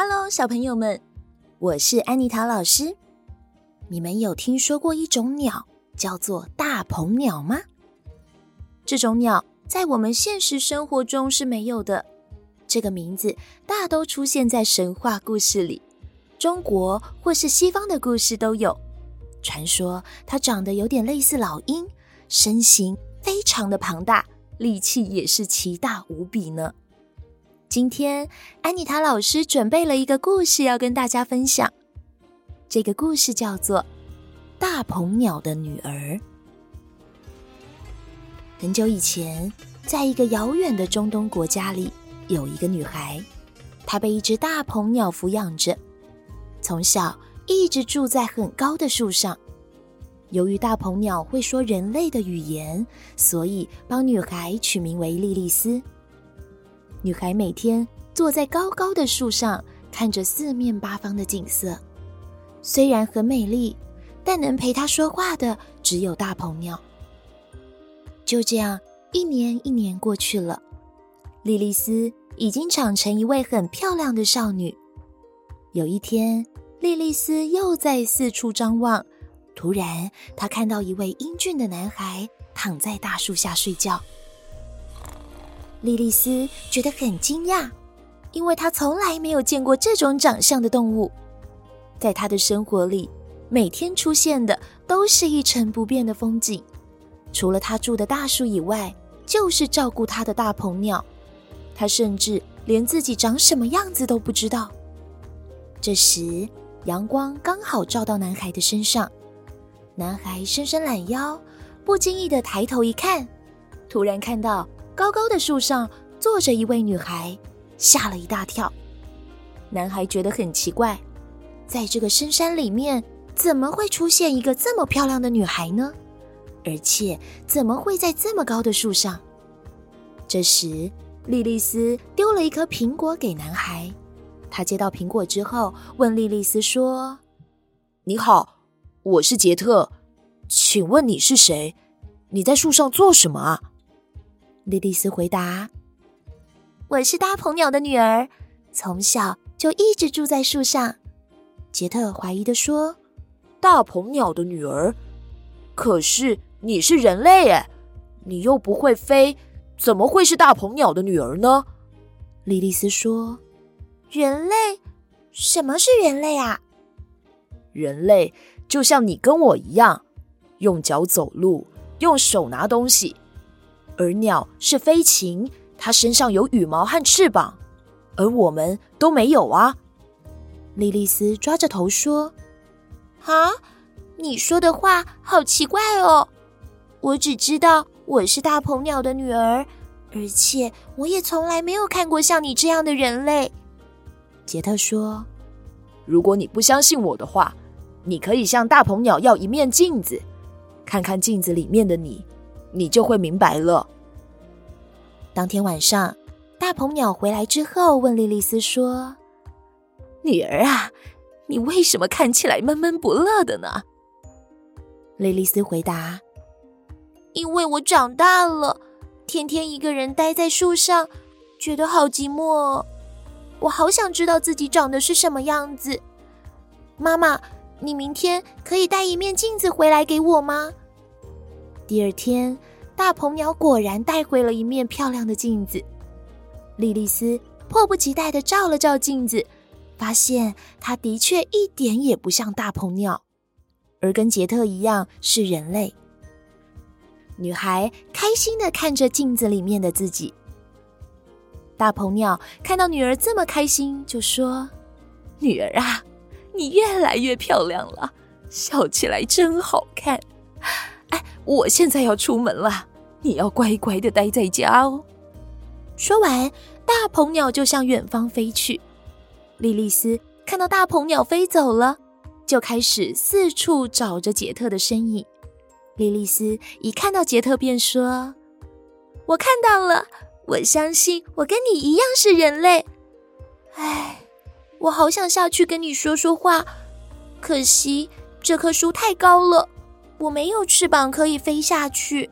哈囉，小朋友們，我是安妮塔老師。你們有聽說過一種鳥叫做大鵬鳥嗎？這種鳥在我們現實生活中是沒有的。這個名字大都出現在神話故事裡，中國或是西方的故事都有。傳說它長得有點類似老鷹，身形非常的龐大，力氣也是奇大無比呢。今天，安妮塔老師準備了一個故事要跟大家分享。這個故事叫做《大鵬鳥的女兒》。很久以前，在一個遙遠的中東國家裡，有一個女孩，她被一隻大鵬鳥撫養着，從小一直住在很高的樹上。由於大鵬鳥會說人類的語言，所以幫女孩取名為莉莉絲。女孩每天坐在高高的樹上，看着四面八方的景色，雖然很美麗，但能陪她說話的只有大鵬鳥。就這樣，一年一年過去了，莉莉絲已經長成一位很漂亮的少女。有一天，莉莉絲又在四處張望，突然，她看到一位英俊的男孩躺在大樹下睡覺。莉莉絲覺得很驚訝，因為她從來沒有見過這種長相的動物。在她的生活裡，每天出現的都是一成不變的風景，除了她住的大樹以外，就是照顧她的大鵬鳥。她甚至連自己長什麼樣子都不知道。這時，陽光剛好照到男孩的身上，男孩伸伸懶腰，不經意地抬頭一看，突然看到，高高的樹上坐着一位女孩，嚇了一大跳。男孩覺得很奇怪，在這個深山裡面，怎麼會出現一個這麼漂亮的女孩呢？而且，怎麼會在這麼高的樹上？這時，莉莉絲丟了一顆蘋果給男孩。他接到蘋果之後，問莉莉絲說：“你好，我是傑特，請問你是誰？你在樹上做什麼啊？”莉莉絲回答：“我是大鵬鳥的女兒，從小就一直住在樹上。”傑特懷疑地說：“大鵬鳥的女兒？可是你是人類耶，你又不會飛，怎麼會是大鵬鳥的女兒呢？”莉莉絲說：“人類？什麼是人類啊？人類就像你跟我一樣，用腳走路，用手拿東西。”而鳥是飛禽，它身上有羽毛和翅膀，而我們都沒有啊。莉莉絲抓着頭說：“啊，你說的話好奇怪哦！我只知道我是大鵬鳥的女兒，而且我也從來沒有看過像你這樣的人類。”杰特說：“如果你不相信我的話，你可以向大鵬鳥要一面鏡子，看看鏡子裡面的你。”你就會明白了。當天晚上，大鵬鳥回來之後，問莉莉絲說：“女兒啊，你為什麼看起來悶悶不樂的呢？”莉莉絲回答：“因為我長大了，天天一個人待在樹上，覺得好寂寞哦。我好想知道自己長得是什麼樣子。媽媽，你明天可以帶一面鏡子回來給我嗎？”第二天，大鵬鳥果然帶回了一面漂亮的鏡子。莉莉絲迫不及待地照了照鏡子，發現她的確一點也不像大鵬鳥，而跟杰特一樣是人類。女孩開心地看着鏡子裡面的自己。大鵬鳥看到女兒這麼開心，就說：“女兒啊，你越來越漂亮了，笑起來真好看。”哎，我現在要出門了，你要乖乖的待在家哦。說完，大鵬鳥就向遠方飛去。莉莉絲看到大鵬鳥飛走了，就開始四處找着傑特的身影。莉莉絲一看到傑特，便說：“我看到了，我相信我跟你一樣是人類。哎，我好想下去跟你說說話，可惜這棵樹太高了。”我沒有翅膀，可以飛下去。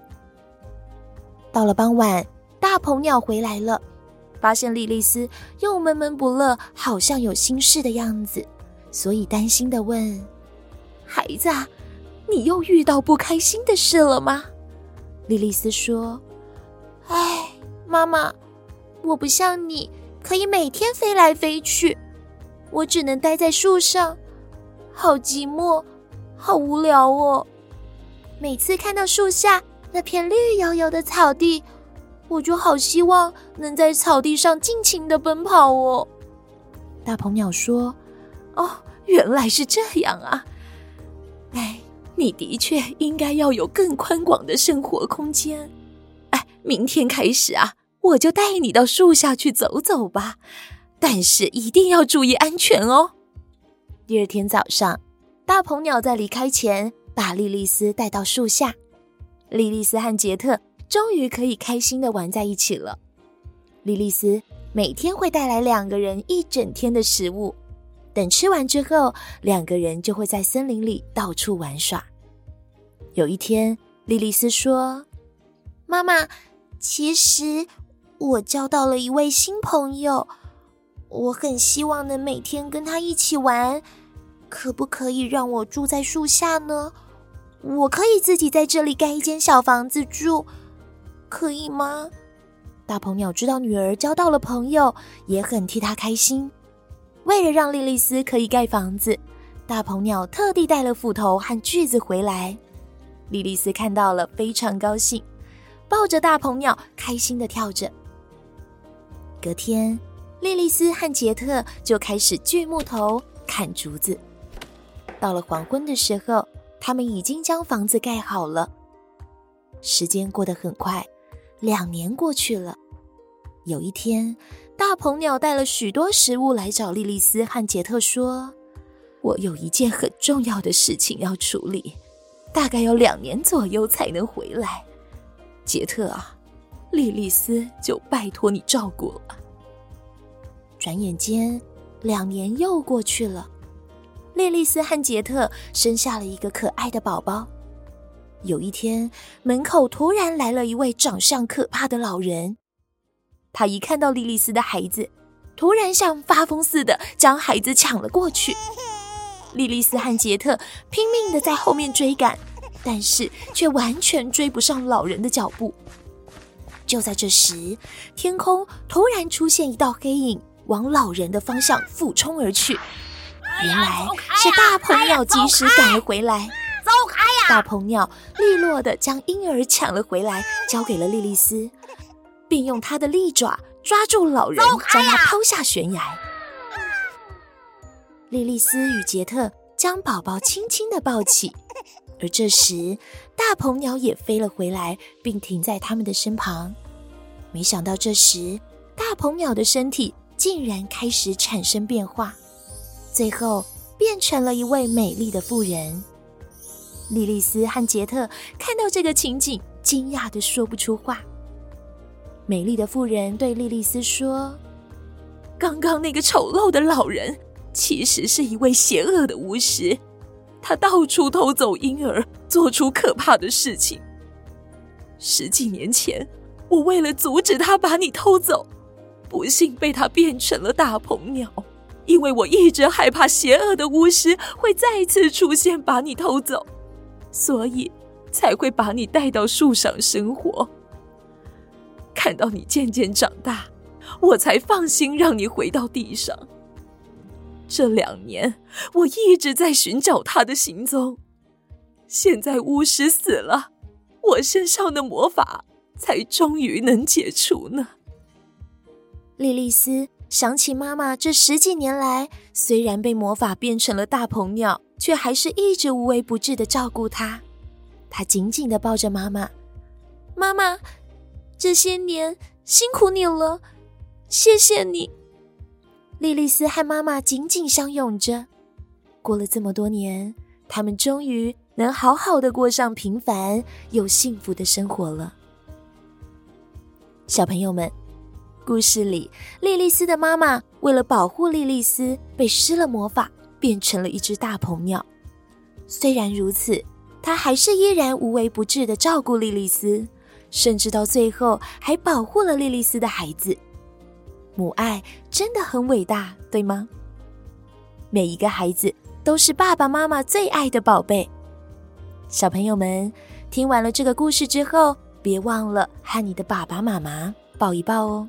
到了傍晚，大鵬鳥回來了，發現莉莉絲又悶悶不樂，好像有心事的樣子，所以擔心地問：“孩子啊，你又遇到不開心的事了嗎？”莉莉絲說：“唉，媽媽，我不像你可以每天飛來飛去，我只能待在樹上，好寂寞，好無聊哦。”每次看到樹下那片綠油油的草地，我就好希望能在草地上盡情地奔跑哦。大鵬鳥說：“哦，原來是這樣啊！哎，你的確應該要有更寬廣的生活空間。哎，明天開始啊，我就帶你到樹下去走走吧，但是一定要注意安全哦。”第二天早上，大鵬鳥在離開前，把莉莉絲帶到樹下，莉莉絲和傑特終於可以開心的玩在一起了。莉莉絲每天會帶來兩個人一整天的食物，等吃完之後，兩個人就會在森林裡到處玩耍。有一天，莉莉絲說：“媽媽，其實我交到了一位新朋友，我很希望能每天跟他一起玩，可不可以讓我住在樹下呢？”我可以自己在這裡蓋一間小房子住，可以嗎？大鵬鳥知道女兒交到了朋友，也很替她開心。為了讓莉莉絲可以蓋房子，大鵬鳥特地帶了斧頭和鋸子回來。莉莉絲看到了非常高興，抱着大鵬鳥開心的跳着。隔天，莉莉絲和杰特就開始鋸木頭、砍竹子。到了黃昏的時候，他們已經將房子蓋好了。時間過得很快，兩年過去了。有一天，大鵬鳥帶了許多食物來找莉莉絲和杰特，說：“我有一件很重要的事情要處理，大概要兩年左右才能回來。杰特啊，莉莉絲就拜托你照顧了。”轉眼間，兩年又過去了。莉莉絲和傑特生下了一個可愛的寶寶。有一天，門口突然來了一位長相可怕的老人。他一看到莉莉絲的孩子，突然像發瘋似的將孩子搶了過去。莉莉絲和傑特拼命的在後面追趕，但是卻完全追不上老人的腳步。就在這時，天空突然出現一道黑影，往老人的方向俯衝而去。原來是大鵬鳥及時趕了回來。大鵬鳥利落的將嬰兒搶了回來，交給了莉莉絲，並用她的利爪抓住老人，將他拋下懸崖。莉莉絲與傑特將寶寶輕輕輕的抱起，而這時大鵬鳥也飛了回來，並停在他們的身旁。沒想到，這時大鵬鳥的身體竟然開始產生變化。最後變成了一位美麗的婦人。莉莉絲和傑特看到這個情景，驚訝的說不出話。美麗的婦人對莉莉絲說：“剛剛那個醜陋的老人，其實是一位邪惡的巫師，他到處偷走嬰兒，做出可怕的事情。十幾年前，我為了阻止他把你偷走，不幸被他變成了大鵬鳥。”因為我一直害怕邪惡的巫師會再次出現，把你偷走，所以才會把你帶到樹上生活。看到你漸漸長大，我才放心讓你回到地上。這兩年我一直在尋找他的行蹤，現在巫師死了，我身上的魔法才終於能解除呢。莉莉絲。想起媽媽這十幾年來，雖然被魔法變成了大鵬鳥，卻還是一直無微不至的照顧她。她緊緊的抱着媽媽，媽媽，這些年辛苦你了，謝謝你。莉莉絲和媽媽緊緊相擁着。過了這麼多年，他們終於能好好的過上平凡又幸福的生活了。小朋友們，故事裡，莉莉絲的媽媽為了保護莉莉絲，被施了魔法，變成了一隻大鵬鳥。雖然如此，她還是依然無微不至地照顧莉莉絲，甚至到最後還保護了莉莉絲的孩子。母愛真的很偉大，對嗎？每一個孩子都是爸爸媽媽最愛的寶貝。小朋友們，聽完了這個故事之後，別忘了和你的爸爸媽媽抱一抱哦。